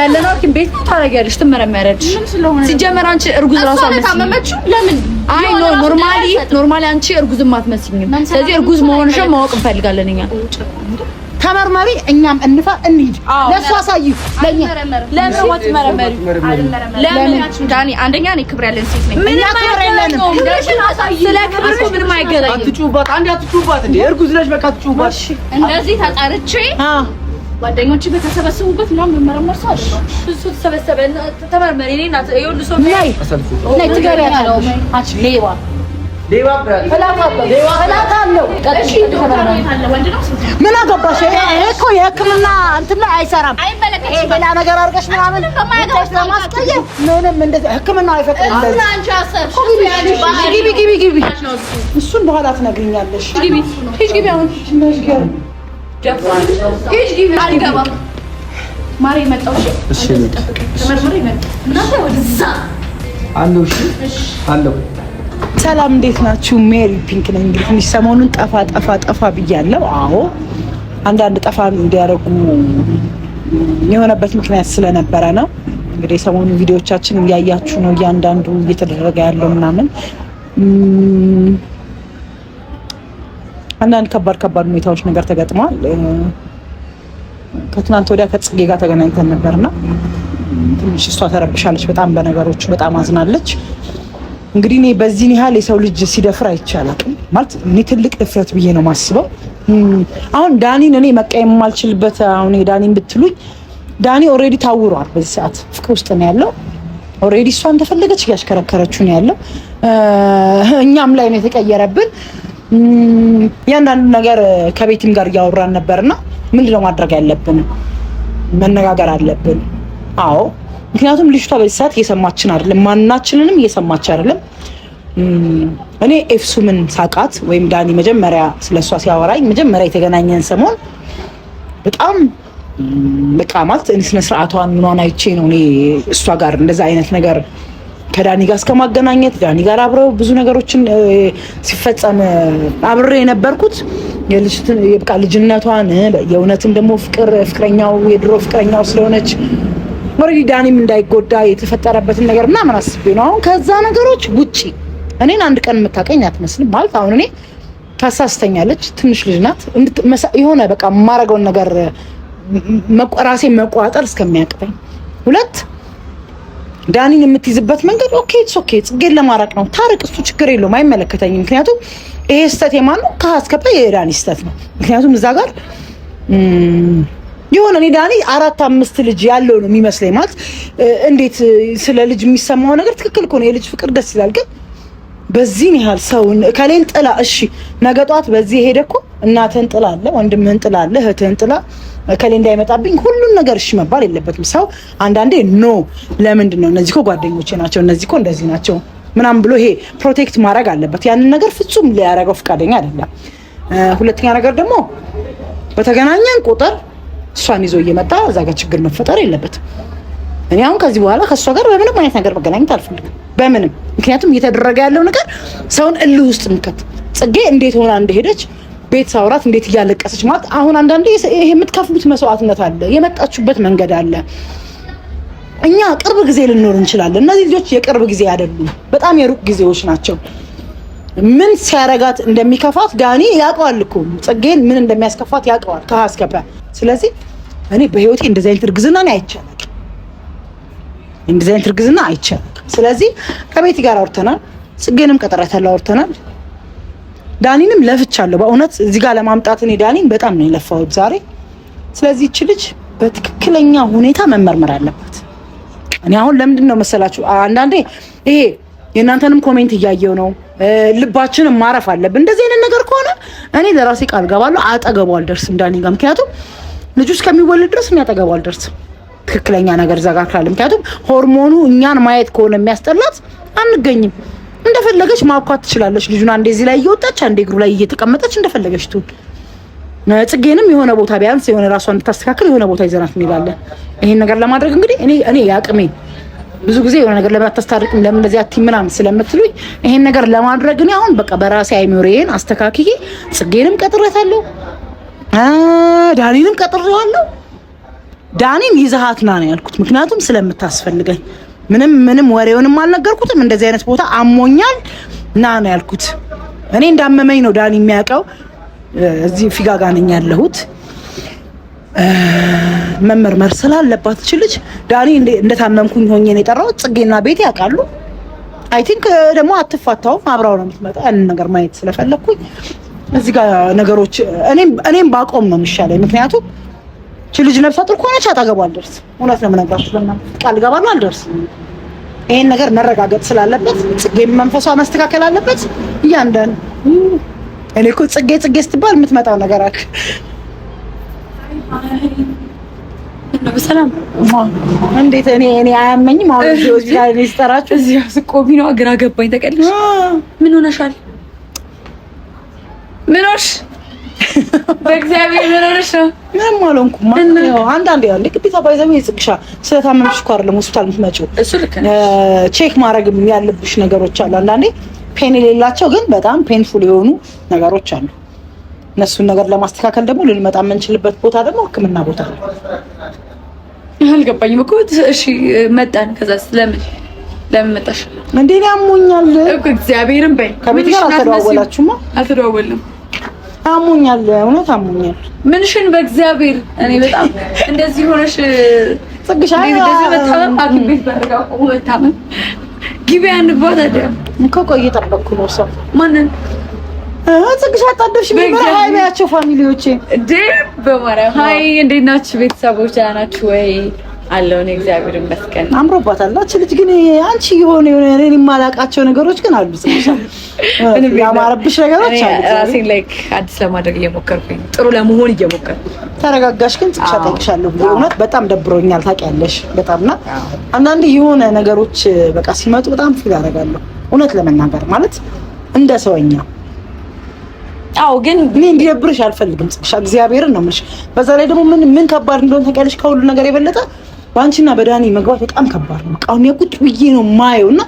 ያለ ነው ሐኪም ቤት ታደርጊያለሽ፣ ትመረመሪያለሽ። ሲጀመር አንቺ እርጉዝ ራሱ አልመሰለኝም። ለምን አይ ኖ ኖርማሊ ኖርማሊ አንቺ እርጉዝም አትመስኝም። ስለዚህ እርጉዝ መሆንሽን ማወቅ እንፈልጋለን እኛ ተመርመሪ፣ እኛም እንፋ እንሂድ። ለእሱ አሳይ። ለእኛ ለምን መረመሪ? ለምን ዳኒ፣ አንደኛ እኔ ክብር ያለን ሴት ነኝ። እኛ ክብር የለንም። ስለ ክብር ምንም አይገናኝም። አትጩባት፣ አንዴ አትጩባት። እንደ እርጉዝ ነሽ፣ በቃ አትጩባት። እንደዚህ ተጠርቼ ጓደኞች በተሰበሰቡበት ነው መመረመር ሰው አይደለም። እሱ ተሰበሰበ ተመርመሪ። እኔ ናት ሰው ላይ ላይ ትገሪያለሽ። ሌባ ነው። ምን አገባሽ? እኮ የሕክምና እንትን ላይ አይሰራም። ይሄ ሌላ ነገር አድርገሽ ምናምን ምንም እንደዚህ ሕክምና አይፈቅድም። ግቢ ግቢ ግቢ። እሱን በኋላ ትነግሪኛለሽ። ግቢ ግቢ አሁን ሰላም እንዴት ናችሁ? ሜሪ ፒንክ ነኝ። እንግዲህ ትንሽ ሰሞኑን ጠፋ ጠፋ ጠፋ ብያለሁ። አዎ አንዳንድ ጠፋ እንዲያደርጉ የሆነበት ምክንያት ስለነበረ ነው። እንግዲህ የሰሞኑ ቪዲዮዎቻችን እያያችሁ ነው፣ እያንዳንዱ እየተደረገ ያለው ምናምን አንዳንድ ከባድ ከባድ ሁኔታዎች ነገር ተገጥመዋል። ከትናንት ወዲያ ከጽጌ ጋር ተገናኝተን ነበርና ትንሽ እሷ ተረብሻለች በጣም በነገሮቹ በጣም አዝናለች። እንግዲህ እኔ በዚህን ያህል የሰው ልጅ ሲደፍር አይቻልም ማለት እኔ ትልቅ እፍረት ብዬ ነው ማስበው። አሁን ዳኒን እኔ መቀየም የማልችልበት አሁን ዳኒን ብትሉኝ ዳኒ ኦሬዲ ታውሯል። በዚህ ሰዓት ፍቅር ውስጥ ነው ያለው። ኦሬዲ እሷ እንደፈለገች እያሽከረከረችው ነው ያለው። እኛም ላይ ነው የተቀየረብን። እያንዳንዱ ነገር ከቤትም ጋር እያወራን ነበርና ምንድነው ማድረግ ያለብን? መነጋገር አለብን። አዎ ምክንያቱም ልጅቷ በዚህ ሰዓት እየሰማችን አይደለም፣ ማናችንንም እየሰማች አይደለም። እኔ ኤፍሱምን ሳቃት ወይም ዳኒ መጀመሪያ ስለሷ ሲያወራኝ መጀመሪያ የተገናኘን ሰሞን በጣም በቃ ማለት ስነ ስርዓቷን ምኗን አይቼ ነው እኔ እሷ ጋር እንደዛ አይነት ነገር ከዳኒ ጋር እስከ ማገናኘት ዳኒ ጋር አብረው ብዙ ነገሮችን ሲፈጸም አብሬ የነበርኩት የብቃ ልጅነቷን የእውነትም ደግሞ ፍቅር ፍቅረኛው የድሮ ፍቅረኛው ስለሆነች ወረዲ ዳኒም እንዳይጎዳ የተፈጠረበትን ነገር ምናምን አስቤ ነው። አሁን ከዛ ነገሮች ውጪ እኔን አንድ ቀን የምታቀኝ አትመስልም። ማለት አሁን እኔ ታሳስተኛለች፣ ትንሽ ልጅ ናት። የሆነ በቃ የማረገውን ነገር ራሴ መቋጠር እስከሚያቅተኝ ሁለት ዳኒን የምትይዝበት መንገድ ኦኬ ኢትስ ኦኬ ጽጌን ለማራቅ ነው። ታረቅ፣ እሱ ችግር የለውም አይመለከተኝም። ምክንያቱም ይሄ ስህተት የማን ነው? ከአስከባ የዳኒ ስህተት ነው። ምክንያቱም እዛ ጋር የሆነ እኔ ዳኒ አራት አምስት ልጅ ያለው ነው የሚመስለኝ። ማለት እንዴት ስለ ልጅ የሚሰማው ነገር ትክክል ከሆነ የልጅ ፍቅር ደስ ይላል። ግን በዚህን ያህል ሰውን ከሌን ጥላ እሺ፣ ነገ ጧት በዚህ ሄደ እኮ እናትህን ጥላ አለ፣ ወንድምህን ጥላ አለ፣ እህትህን ጥላ እከሌ እንዳይመጣብኝ ሁሉን ነገር እሺ መባል የለበትም። ሰው አንዳንዴ ኖ ለምንድን ነው እነዚህ እኮ ጓደኞቼ ናቸው፣ እነዚህ እኮ እንደዚህ ናቸው ምናምን ብሎ ይሄ ፕሮቴክት ማድረግ አለበት። ያንን ነገር ፍጹም ሊያደርገው ፈቃደኛ አይደለም። ሁለተኛ ነገር ደግሞ በተገናኘን ቁጥር እሷን ይዞ እየመጣ እዛ ጋር ችግር መፈጠር የለበትም። እኔ አሁን ከዚህ በኋላ ከእሷ ጋር በምንም አይነት ነገር መገናኘት አልፈልግም፣ በምንም ምክንያቱም እየተደረገ ያለው ነገር ሰውን እልህ ውስጥ ምከት ጽጌ እንዴት ሆና እንደሄደች ቤት ሳውራት እንዴት እያለቀሰች ማለት አሁን አንዳንዴ ይሄ የምትከፍሉት መስዋዕትነት አለ፣ የመጣችሁበት መንገድ አለ። እኛ ቅርብ ጊዜ ልኖር እንችላለን። እነዚህ ልጆች የቅርብ ጊዜ አይደሉም፣ በጣም የሩቅ ጊዜዎች ናቸው። ምን ሲያረጋት እንደሚከፋት ዳኒ ያውቀዋል እኮ ጽጌን ምን እንደሚያስከፋት ያውቀዋል ከሀስከፈ ስለዚህ እኔ በህይወቴ እንደዚህ አይነት እርግዝና ነው እንደዚህ አይነት እርግዝና አይቻልም። ስለዚህ ከቤት ጋር አውርተናል፣ ጽጌንም ቀጠረተላ አውርተናል። ዳኒንም ለፍቻለሁ በእውነት እዚህ ጋር ለማምጣት እኔ ዳኒን በጣም ነው የለፋሁት ዛሬ። ስለዚህ እቺ ልጅ በትክክለኛ ሁኔታ መመርመር አለባት። እኔ አሁን ለምንድን ነው መሰላችሁ አንዳንዴ ይሄ የእናንተንም ኮሜንት እያየው ነው ልባችንም ማረፍ አለብን። እንደዚህ አይነት ነገር ከሆነ እኔ ለራሴ ቃል ገባለሁ፣ አጠገቡ አልደርስም ዳኒ ጋር ምክንያቱም ልጁ እስከሚወልድ ድረስ እኔ አጠገቡ አልደርስም። ትክክለኛ ነገር ዘጋ ካለ ምክንያቱም ሆርሞኑ እኛን ማየት ከሆነ የሚያስጠላት አንገኝም። እንደፈለገች ማብኳት ትችላለች። ልጁን አንዴ እዚህ ላይ እየወጣች አንዴ እግሩ ላይ እየተቀመጠች እንደፈለገች ትሁን። ጽጌንም የሆነ ቦታ ቢያንስ የሆነ ራሷ እንድታስተካክል የሆነ ቦታ ይዘናት እንሄዳለን። ይሄን ነገር ለማድረግ እንግዲህ እኔ እኔ ያቅሜ ብዙ ጊዜ የሆነ ነገር ለምን አታስታርቅም ለምን እንደዚህ አትይም ምናምን ስለምትሉኝ ይሄን ነገር ለማድረግ እኔ አሁን በቃ በራሴ አይምሬን አስተካክዬ ጽጌንም ቀጥሬታለሁ፣ ዳኒንም ቀጥሬዋለሁ። ዳኒን ይዘሃት ና ነው ያልኩት፣ ምክንያቱም ስለምታስፈልገኝ ምንም ምንም ወሬውንም አልነገርኩትም። እንደዚህ አይነት ቦታ አሞኛል ና ነው ያልኩት። እኔ እንዳመመኝ ነው ዳኒ የሚያውቀው። እዚህ ፊጋጋ ነኝ ያለሁት መመርመር ስላለባት ትችልች ዳኒ እንደታመምኩኝ ሆኜ ነው የጠራሁት። ጽጌና ቤት ያውቃሉ። አይ ቲንክ ደግሞ አትፋታውም፣ አብራው ነው የምትመጣ። ያንን ነገር ማየት ስለፈለግኩኝ እዚህ ጋር ነገሮች እኔም ባቆም ነው የሚሻለኝ ምክንያቱም እቺ ልጅ ነፍሰ ጡር ከሆነች አጠገቡ አልደርስም። እውነት ነው የምነግራችሁ። በእናትህ ቃል እገባለሁ አልደርስም። ይሄን ነገር መረጋገጥ ስላለበት ጽጌ መንፈሷ መስተካከል አለበት። እያንዳንዱ እኔ እኮ ጽጌ ጽጌ ስትባል የምትመጣው ነገር አክ ሰላም እንዴት እኔ እኔ አያመኝም። አሁን ስጠራችሁ እዚህ ስቆሚ ነው ግራ ገባኝ። ተቀልሽ ምን ሆነሻል? በእግዚአብሔር ምኖርሽ ነው። ምንም አልሆንኩም። አንዳንዴ ያለ ግዴታ ባይዘ ይጽግሻ ስለታመምሽ እኮ አይደለም ሆስፒታል የምትመጪው። ቼክ ማድረግ ያለብሽ ነገሮች አሉ። አንዳንዴ ፔን የሌላቸው ግን በጣም ፔንፉል የሆኑ ነገሮች አሉ። እነሱን ነገር ለማስተካከል ደግሞ ልንመጣ የምንችልበት ቦታ ደግሞ ሕክምና ቦታ ነው። አልገባኝም እኮ እሺ፣ መጣን። ከዛ ለምን ለምን መጣሽ? እንዴ ያሞኛል እኮ እግዚአብሔርን በይ። ከቤት አልተደዋወላችሁማ? አልተደዋወልንም አሞኛል፣ እውነት አሞኛል። ምንሽን በእግዚአብሔር እኔ በጣም እንደዚህ ሆነሽ ጽግሻ እንደዚህ መታመም አግቤት ባርጋ መታመም ግቢ አንግባ ታዲያ እኮ ቆይ እየጠበቅኩ ነው። ሰው ማንን ጽግሻ አጣደፍሽ? ቢመራ ሀይ በያቸው ፋሚሊዎቼ። እንዴ በማርያም ሀይ፣ እንዴት ናችሁ ቤተሰቦች? ደህና ናችሁ ወይ? አለው ነው። እግዚአብሔር ይመስገን አምሮባታል። ናች ልጅ ግን አንቺ የሆነ የሆነ እኔን የማላውቃቸው ነገሮች ግን አሉ። ያማረብሽ ነገሮች አሉ። ራሴን ላይክ አዲስ ለማድረግ እየሞከርኩኝ ጥሩ ለመሆን እየሞከርኩ ተረጋጋሽ። ግን ጽቅሻ ጠንቅሻለሁ። በእውነት በጣም ደብሮኛል ታውቂያለሽ። በጣም እና አንዳንድ የሆነ ነገሮች በቃ ሲመጡ በጣም ፊል አደርጋለሁ። እውነት ለመናገር ማለት እንደ ሰውኛ አዎ ግን እኔ እንዲደብርሽ አልፈልግም። ጽቅሻ እግዚአብሔርን ነው የምልሽ። በዛ ላይ ደግሞ ምን ምን ከባድ እንደሆነ ታውቂያለሽ ከሁሉ ነገር የበለጠ በአንቺና በዳኒ መግባት በጣም ከባድ ነው። በቃ አሁን ያቁጥ ብዬ ነው ማየው እና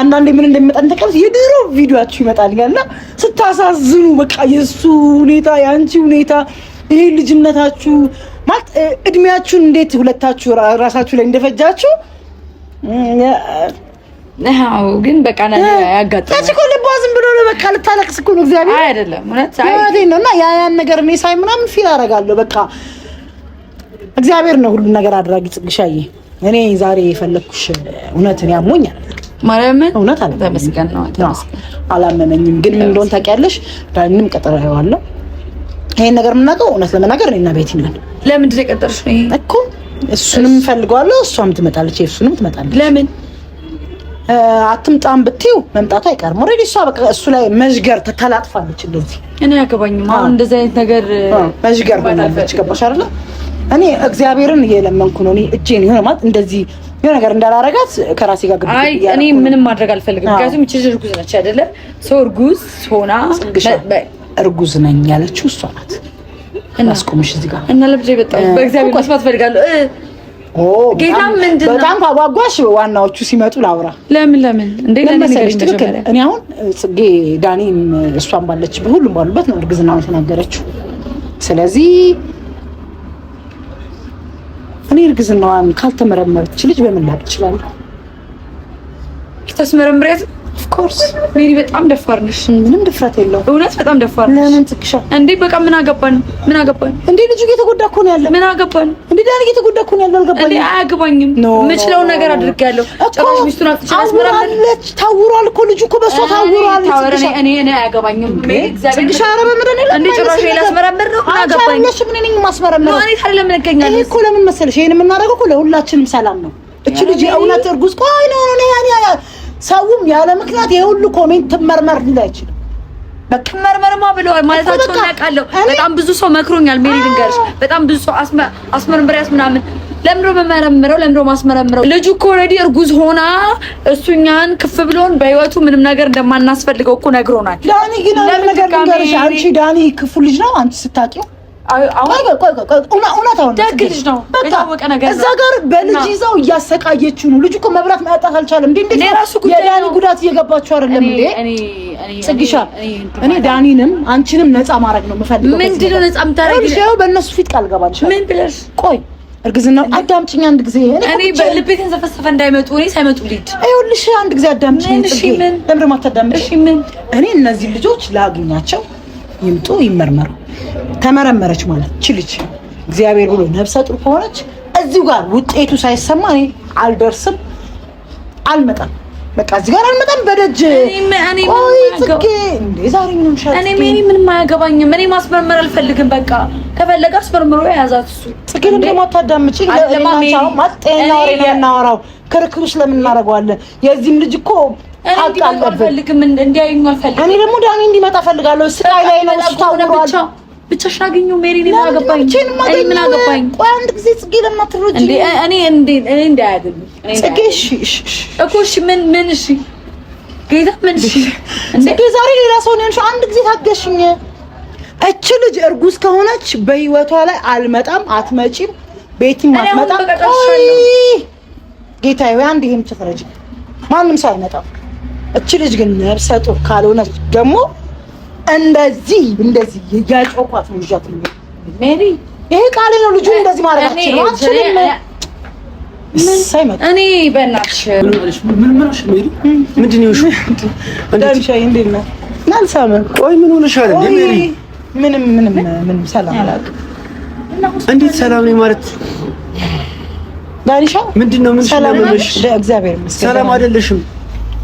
አንዳንዴ ምን እንደሚመጣ እንተቀምስ የድሮ ቪዲዮአችሁ ይመጣል እና ስታሳዝኑ፣ በቃ የእሱ ሁኔታ የአንቺ ሁኔታ ይሄ ልጅነታችሁ ማለት እድሜያችሁን እንዴት ሁለታችሁ ራሳችሁ ላይ እንደፈጃችሁ አዎ ግን በቃ ና እኮ ልቧ ዝም ብሎ ነው በቃ ልታለቅስ እኮ ነው። እግዚአብሔር አይደለም እውነት እና ያ ያን ነገር እኔ ሳይ ምናምን ፊል አደርጋለሁ በቃ እግዚአብሔር ነው ሁሉን ነገር አድራጊ። ጽግሻዬ እኔ ዛሬ የፈለግኩሽ እውነትን ያሞኝ ማርያምን እውነት ተመስገን ነው አላመመኝም። ግን ምን እንደሆነ ታውቂያለሽ? ዳኒንም ቀጥሬዋለሁ። ይሄን ነገር የምናውቀው እውነት ለመናገር እኔና ቤቲ ነን። ለምንድን ነው የቀጠርሽ እኮ እሱንም ፈልገዋለሁ። እሷም ትመጣለች፣ እሱንም ትመጣለች። ለምን አትምጣም ብትይው መምጣቱ አይቀርም። ኦልሬዲ እሷ በቃ እሱ ላይ መዥገር ተላጥፋለች። እንደዚህ እኔ ያገባኝም አሁን እንደዚህ አይነት ነገር መዥገር ሆናለች። ገባሽ አይደለ እኔ እግዚአብሔርን እየለመንኩ ነው። እኔ እጄን የሆነ ማለት እንደዚህ የሆነ ነገር እንዳላረጋት ከራሴ ጋር ግን አይ እኔ ምንም ማድረግ አልፈልግም። ምክንያቱም እቺ እርጉዝ ነች አይደለ? ሰው እርጉዝ ሆና እርጉዝ ነኝ ያለችው እሷ ናት። እናስቆምሽ እዚህ ጋር እና ለብጄ በጣም በእግዚአብሔር መስማት ፈልጋለሁ። ጌታ ምንድን ነው በጣም ካጓጓሽ ዋናዎቹ ሲመጡ ላውራ። ለምን ለምን እንዴ ለምን ሰለሽ? ትክክል። እኔ አሁን ጽጌ ዳኒን እሷን ባለች ሁሉም ባሉበት ነው እርግዝናውን የተናገረችው። ስለዚህ እኔ እርግዝናዋን ካልተመረመረች ልጅ በምን ላብ ይችላል? ተስመረምሪያት ኦፍኮርስ ሜሪ በጣም ደፋር ነሽ። ምንም ድፍረት የለውም። እውነት በጣም ደፋር ነሽ። ለምን ትክሻ እንዴ? በቃ ምን አገባን? ምን አገባን እንዴ? ልጁ እየተጎዳ እኮ ነው ያለው። ምን አገባን እንዴ? ዳን እየተጎዳ እኮ ነው ያለው። አልገባኝ እንዴ? አያገባኝም። የምችለውን ነገር አድርጌያለሁ። ጭራሽ ሚስቱን አትችላስ ምራለች። ታውሯል እኮ ልጁ እኮ በእሷ ታውሯል። ታወረኔ እኔ እኔ አያገባኝም። ትክሻ አረበ ምንድን ነው እንዴ? ጭራሽ ላስመረምር ነው። ምን አገባኝ ነሽ? ምን ነኝ ማስመረምር ነው ታዲያ ለምን እገኛለሁ እኮ። ለምን መሰለሽ ይሄን የምናደርገው እኮ ለሁላችንም ሰላም ነው። እቺ ልጅ እውነት እርጉዝ ቆይ ነው ነው ያ ያ ሰውም ያለ ምክንያት ይሄ ሁሉ ኮሜንት ትመርመር ሊል አይችልም። መርመርማ ብለዋል ማለታቸውን አውቃለሁ። በጣም ብዙ ሰው መክሮኛል። ሜሪ ልንገርሽ፣ በጣም ብዙ ሰው አስመርምሪያት ምናምን ለምዶ መመረምረው ለምዶ ማስመረምረው ልጁ እኮ ኦልሬዲ እርጉዝ ሆና እሱኛን ክፍ ብሎን በህይወቱ ምንም ነገር እንደማናስፈልገው እኮ ነግሮናል። ዳኒ ግን ነገር ነገር አንቺ ዳኒ ክፉ ልጅ ነው አንቺ ስታውቂው እዛ ጋር በልጅ ይዛው እያሰቃየችው ነው። ልጁ እኮ መብላት ማጣት አልቻለም። የዳኒ ጉዳት እየገባችሁ አይደለም እንዴ? ጽግሻ እኔ ዳኒንም አንቺንም ነፃ ማድረግ ነው የምፈልገው። በእነሱ ፊት ቃል ቆይ እርግዝና አዳምጪኝ። አንድ ጊዜ እኔ በልቤ ተንሰፈሰፈ እንዳይመጡ እኔ ሳይመጡ ልጅ ይኸውልሽ፣ አንድ ጊዜ አዳምጪኝ። ለምንድን ነው የማታዳምጪኝ? እኔ እነዚህ ልጆች ላግኛቸው፣ ይምጡ፣ ይመርመሩ ተመረመረች ማለት ችልች እግዚአብሔር ብሎ ነብሰ ጡር ከሆነች እዚሁ ጋር ውጤቱ ሳይሰማ እኔ አልደርስም፣ አልመጣም። በቃ እዚህ ጋር አልመጣም። በደጅ እኔ ምንም አያገባኝም። እኔ ማስመርመር አልፈልግም። በቃ ከፈለገ አስመርምሮ የያዛት እሱ ጽጌ ደግሞ አታዳምጪ። ማጤኛ ወሬ ነው የምናወራው። ክርክሩ ስለምን እናደርገዋለን? የዚህም ልጅ እኮ ሀቅ አለብን። እኔ ደግሞ ዳኒ እንዲመጣ ፈልጋለሁ። ስቃይ ላይ ነው ስታውሯል ብቻሽ አገኘው ሜሪ ነው ያገባኝ። እኔ ምን አገባኝ? ቆይ አንድ ጊዜ ጽጌ ለማትሮጂ እንዴ? እኔ እንዴ እኔ እንዴ አይደለም ጽጌ። እሺ እኮ እሺ፣ ምን ምን እሺ፣ ጌታ ምን እሺ፣ ጽጌ ዛሬ ሌላ ሰው ነው። አንድ ጊዜ ታገሽኝ። እቺ ልጅ እርጉዝ ከሆነች በህይወቷ ላይ አልመጣም፣ አትመጪም፣ ቤትም አትመጣም። ጌታ ወይ አንድ ይሄም ትፈረጂ። ማንም ሰው አይመጣም። እቺ ልጅ ግን ነብሰ ጡር ካልሆነች ደግሞ እንደዚህ እንደዚህ እያጮኳት ነው ይዣት ነው ሜሪ። ይሄ ቃሌ ነው። ልጁ እንደዚህ ማለት አትችልም፣ አትችልም። እኔ በእናትሽ ሜሪ፣ ምንድን ነው እሺ? እንዴት ነህ? ናልሳመ ቆይ ምን ሆነሻል እንዴ ሜሪ? ምንም ምንም ምንም ሰላም አላውቅም። እንዴት ሰላም ነኝ ማለት ዳንሻ፣ ምንድን ነው ምን ሰላም ነሽ? እግዚአብሔር ይመስገን። ሰላም አይደለሽም።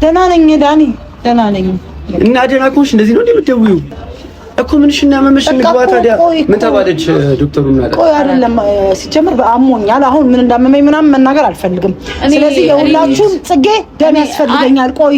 ደህና ነኝ ዳኒ፣ ደህና ነኝ እና ደህና ከሆንሽ እንደዚህ ነው እንደምትደውይው እኮ ምንሽ እና መመሽ ምግባ። ታዲያ ምን ተባለች ዶክተሩ? እና ቆይ አይደለም ሲጀምር በአሞኛል አሁን ምን እንዳመመኝ ምናምን መናገር አልፈልግም። ስለዚህ የሁላችሁም ጽጌ ደም ያስፈልገኛል። ቆይ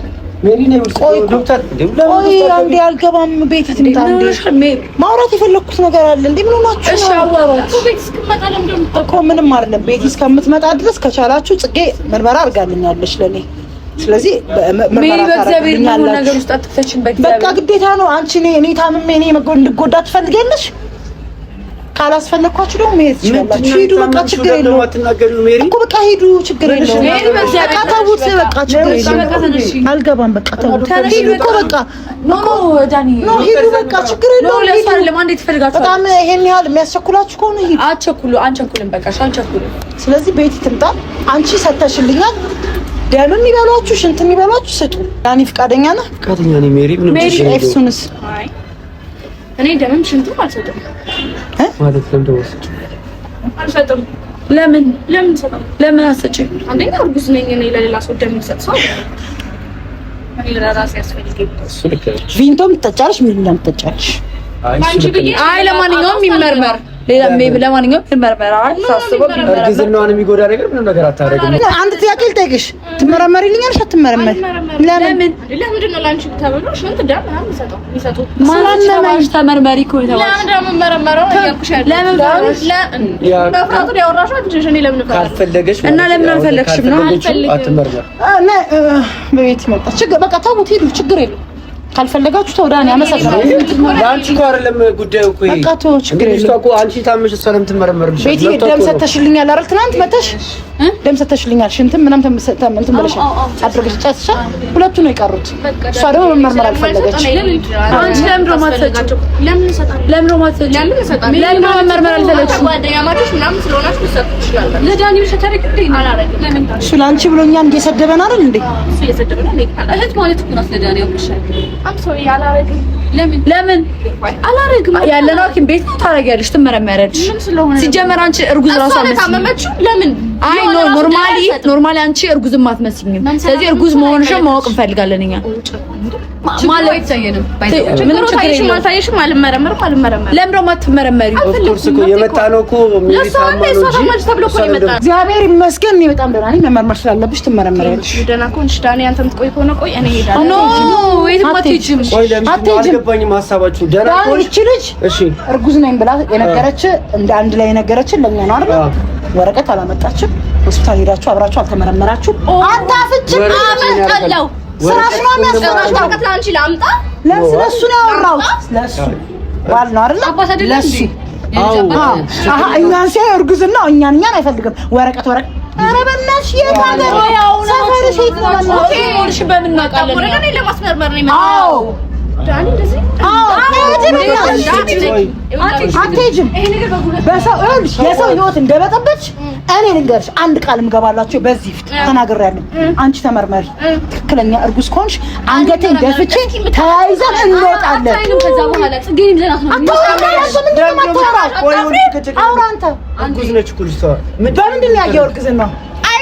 አንዴ አልገባም። ቤት ትምጣ። ማውራት የፈለኩት ነገር አለ። እንዴ ምን ሆናችሁ እኮ? ምንም አይደለም። ቤት እስከምትመጣ ድረስ ከቻላችሁ ጽጌ ምርመራ አድርጋልኛለች ለእኔ። ስለዚህ በቃ ግዴታ ነው። አንቺ እኔ ታምሜ እኔ እንድጎዳ ትፈልጊያለሽ? ካላስፈለግኳችሁ ደግሞ መሄድ ትችላላችሁ። ሂዱ፣ በቃ ችግር የለውም እኮ በቃ ሄዱ ችግር የለውም። በቃ ተውት፣ በቃ ችግር የለውም። አልገባም፣ በቃ ተውት፣ ሂዱ እኮ በቃ ኖ ኖ ዳኒ ሄዱ በቃ ችግር የለውም። በጣም ይሄን ያህል የሚያስቸኩላችሁ ከሆነ ሄዱ። አትቸኩሉ፣ አንቸኩልም፣ በቃ አንቸኩልም። ስለዚህ ቤት ትምጣ፣ አንቺ ሰተሽልኛል። ደም የሚበሏችሁ ሽንት የሚበሏችሁ ስጡ። ዳኒ ፍቃደኛ ነህ? ፍቃደኛ ነኝ ሜሪ። ምንም ሜሪ ኤፍሱንስ አይ እኔ ደምም ሽንቱም አልሰጥም ማለት ለምን አልሰጥም። ለምን ለምን ሰጥም? ለምን አልሰጭም? አንደኛ እርጉዝ ነኝ እኔ ለሌላ ሰው ደም ሰጥ ሰው ቪንቶም ትጠጫለሽ፣ ምንም ትጠጫለሽ። አይ ለማንኛውም ይመርመር ሌላ ሜብ ለማንኛውም ትመርመራ ሳስበው እርግዝናዋን የሚጎዳ ነገር ምንም ነገር አታደርግም። አንድ ጥያቄ ልጠይቅሽ፣ ትመረመሪልኛለሽ? አትመረመሪ። ለምን ለምንድን ነው ተመርመሪ እኮ እና ለምን አልፈለግሽም ነው? በቤት መጣ። በቃ ተውት፣ ሄዱ። ችግር የለም ካልፈለጋችሁ ተው ዳኒ። ለአንቺ አይደለም ጉዳዩ እኮ ይሄ ችግር አንቺ ቤቲ ደም ሰተሽልኛል አይደል? ትናንት መተሽ ደም ሰተሽልኛል፣ ሽንትም ምናም ተምልትም ብለሽ አድርገሽ ጨስሻ፣ ሁለቱ ነው የቀሩት። እሷ ደግሞ መመርመር አልፈለገች። አንቺ ለምን ነው የማትሰጪው? ለምን ለምን እየሰደበን አይደል እንዴ? እህት ማለት እኮ ናት ለምን አላረግም ያለነው ሐኪም ቤት ነው። ታረጊያለሽ፣ ትመረመሪያለሽ። ሲጀመር አንቺ እርጉዝ ራሱ አትመስይም። ለምን አይ ኖ ኖርማሊ ኖርማሊ አንቺ እርጉዝም አትመስይም። ስለዚህ እርጉዝ መሆንሽን ማወቅ እንፈልጋለን እኛ እግዚአብሔር ይመስገን እኔ በጣም ደህና ነኝ። መመርመር ስላለብሽ ትመረመሪያለሽ። ደህና ከሆንሽ ዳኒ ነው ትቆይ ከሆነ ቆይ እኔ እሄዳለሁ። አልገባኝም ሀሳባችሁ። ደህና ይቺ ልጅ እርጉዝ ነኝ ብላ የነገረች እንደ አንድ ላይ የነገረችን ለእኛ ነው አይደል? ወረቀት አላመጣችም። ሆስፒታል ሄዳችሁ አብራችሁ አልተመረመራችሁም። አንተ አፍንጭ ስራሽ ነው የሚያስቀራሽ። እኛን ሲያይ እርግዝና እኛን እኛን አይፈልግም። ወረቀት ወረቀት ኧረ በእናትሽ የት ሀገር ሰፈርሽ? በምን እናውቃለን? ለማስመርመር ነው የመጣው አትሄጂም። የሰው ህይወት እንደበጠበች እኔ ልንገርሽ፣ አንድ ቃል ምገባላቸው በዚህ ፊት ተናግሬያለሁ። አንቺ ተመርመሪ፣ ትክክለኛ እርጉዝ ከሆንሽ አንገቴን ደፍቼ ተያይዘን እንወጣለን። በምንድን ነው ያየኸው እርግዝና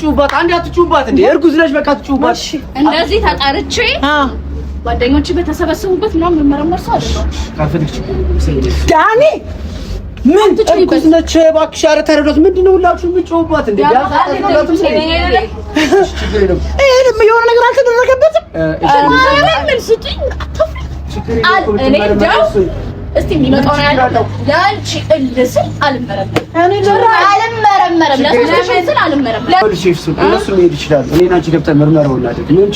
አትጩባት፣ አንዴ አትጩባት። እንዴ እርጉዝ ነሽ፣ በቃ አትጩባት። እሺ፣ እንደዚህ ተጣርቼ ጓደኞቼ በተሰበሰቡበት ነው የምመረመር ሰው አይደለም። ካልፈልግሽ ዳኒ ምን እርጉዝ ነች? እባክሽ ኧረ ተረዷት። ምንድን ነው ሁላችሁም የምትጮሁባት? እንደ የሆነ ነገር አልተደረገበትም። እስኪ የሚመጣውን ያለው ለአንቺ እልህ አልመረመርም አልመረመረም። እነሱ መሄድ ይችላሉ። ገብተን ምርመራው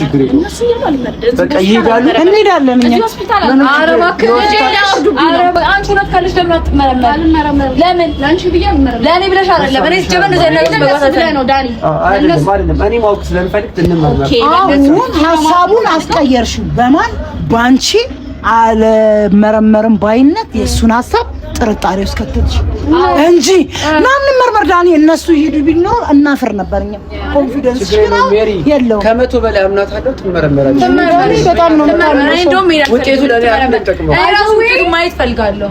ችግር ይሄዳሉ፣ እንሄዳለን። ሀሳቡን አስቀየርሽ። በማን አልመረመርም ባይነት የእሱን ሀሳብ ጥርጣሬ ውስጥ ከተች እንጂ ማንም መርመር ዳኒ እነሱ ይሄዱ ቢኖር እናፍር ነበር። እኛ ኮንፊደንስ የለውም። ከመቶ በላይ አምናት አለው ትመረመራለች። በጣም ነው ውጤቱ ለኔ አልጠቅመው ራሱ ውጤቱ ማየት ፈልጋለሁ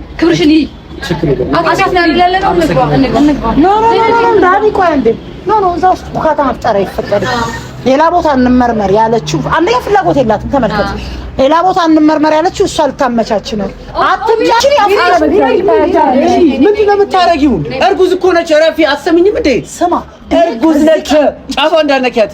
ክብርሽን ሌላ ቦታ እንመርመር ያለችው አንደኛ ፍላጎት የላትም። ተመልከት፣ ሌላ ቦታ እንመርመር ያለችው እሷ ልታመቻች ነው። ምንድን ነው የምታረጊው? እርጉዝ እኮ ነች። ረፊ እንዴ? ስማ፣ እርጉዝ ነች። ጫፏ እንዳነኪያት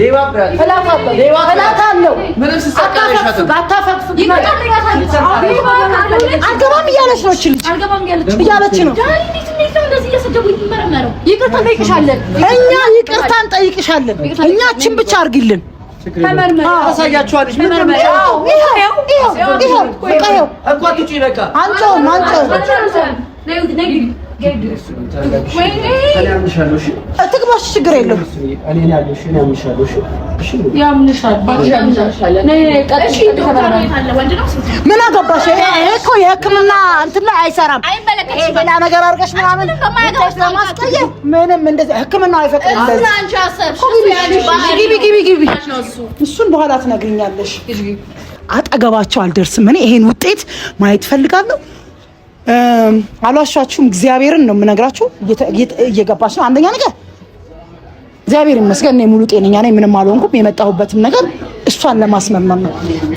ሌባ አልገባም እያለች ነው። እያለች ነው። ይቅርታ እንጠይቅሻለን። እኛ ይቅርታ እንጠይቅሻለን። እኛችን ብቻ አድርጊልን። አሳያችኋለች። ትግባሽ ችግር የለም። ምን አገባሽ? ይሄ እኮ የሕክምና እንትን ላይ አይሰራም። ሌላ ነገር አድርገሽ ምናምን ምንም እንደዚህ ሕክምና አይፈቅድም። ግቢ ግቢ። እሱን በኋላ ትነግሪኛለሽ። አጠገባቸው አልደርስም። እኔ ይሄን ውጤት ማየት እፈልጋለሁ። አሏሻችሁም። እግዚአብሔርን ነው የምነግራችሁ። እየገባች ነው። አንደኛ ነገር እግዚአብሔር ይመስገን እኔ ሙሉ ጤነኛ ነኝ፣ ምንም አልሆንኩም። የመጣሁበትም ነገር እሷን ለማስመመም ነው።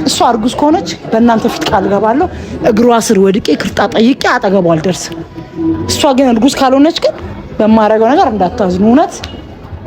እሷ እርጉዝ ከሆነች በእናንተ ፊት ቃል ገባለሁ እግሯ ስር ወድቄ ክርጣ ጠይቄ አጠገቧ አልደርስም። እሷ ግን እርጉዝ ካልሆነች ግን በማረገው ነገር እንዳታዝኑ እውነት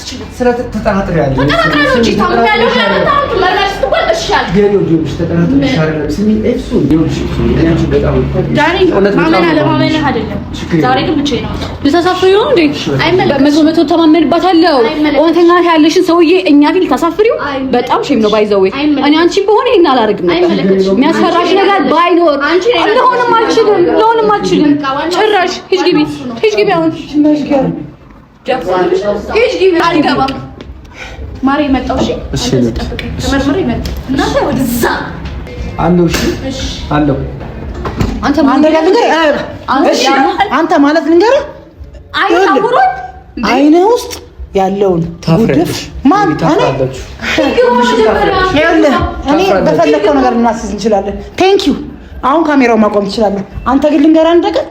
አትችልም። መቶ መቶ ተማመንባታለሁ። እውነተኛ ያለሽን ሰውዬ እኛ ፊት ልታሳፍሪው በጣም ሼም ነው። ባይዘዌ እኔ አንቺን በሆነ ይሄን አላደርግም። የሚያስፈራሽ ነገር ባይኖር ለሆንም አልችልም፣ ለሆንም አልችልም። ጭራሽ ሂጅ ግቢ፣ ሂጅ ግቢ አሁን አልገባም። ማሬ መጣሁ። እሺ ተመርምሬ መጣሁ። ወደዛ አለው። እሺ አለው። አንተ ማለት ልንገርህ፣ አይነ ውስጥ ያለውን ጉድፍ በፈለከው ነገር እናስዝ እንችላለን። ቴንኪው አሁን ካሜራው ማቆም ትችላለህ። አንተ ግን ልንገርህ አንድ ነገር፣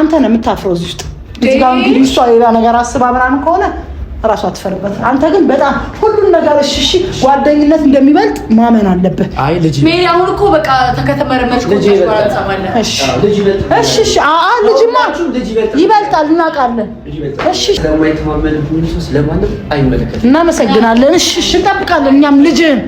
አንተ ነው የምታፍረው እዚህ ውስጥ እዚህ ጋር እንግዲህ እሷ ሌላ ነገር አስባ ምናምን ከሆነ እራሷ አትፈርበት። አንተ ግን በጣም ሁሉን ነገር እሺ እሺ፣ ጓደኝነት እንደሚበልጥ ማመን አለብህ። አይ ልጅ ሜሪ፣ አሁን እኮ በቃ ከተመረመች ልጅ ይበልጣል፣ እናውቃለን። እሺ፣ ስለማይተማመን ሁሉ ሰው ስለማንም አይመለከትም። እናመሰግናለን። እሺ፣ እሺ፣ እንጠብቃለን እኛም ልጅህን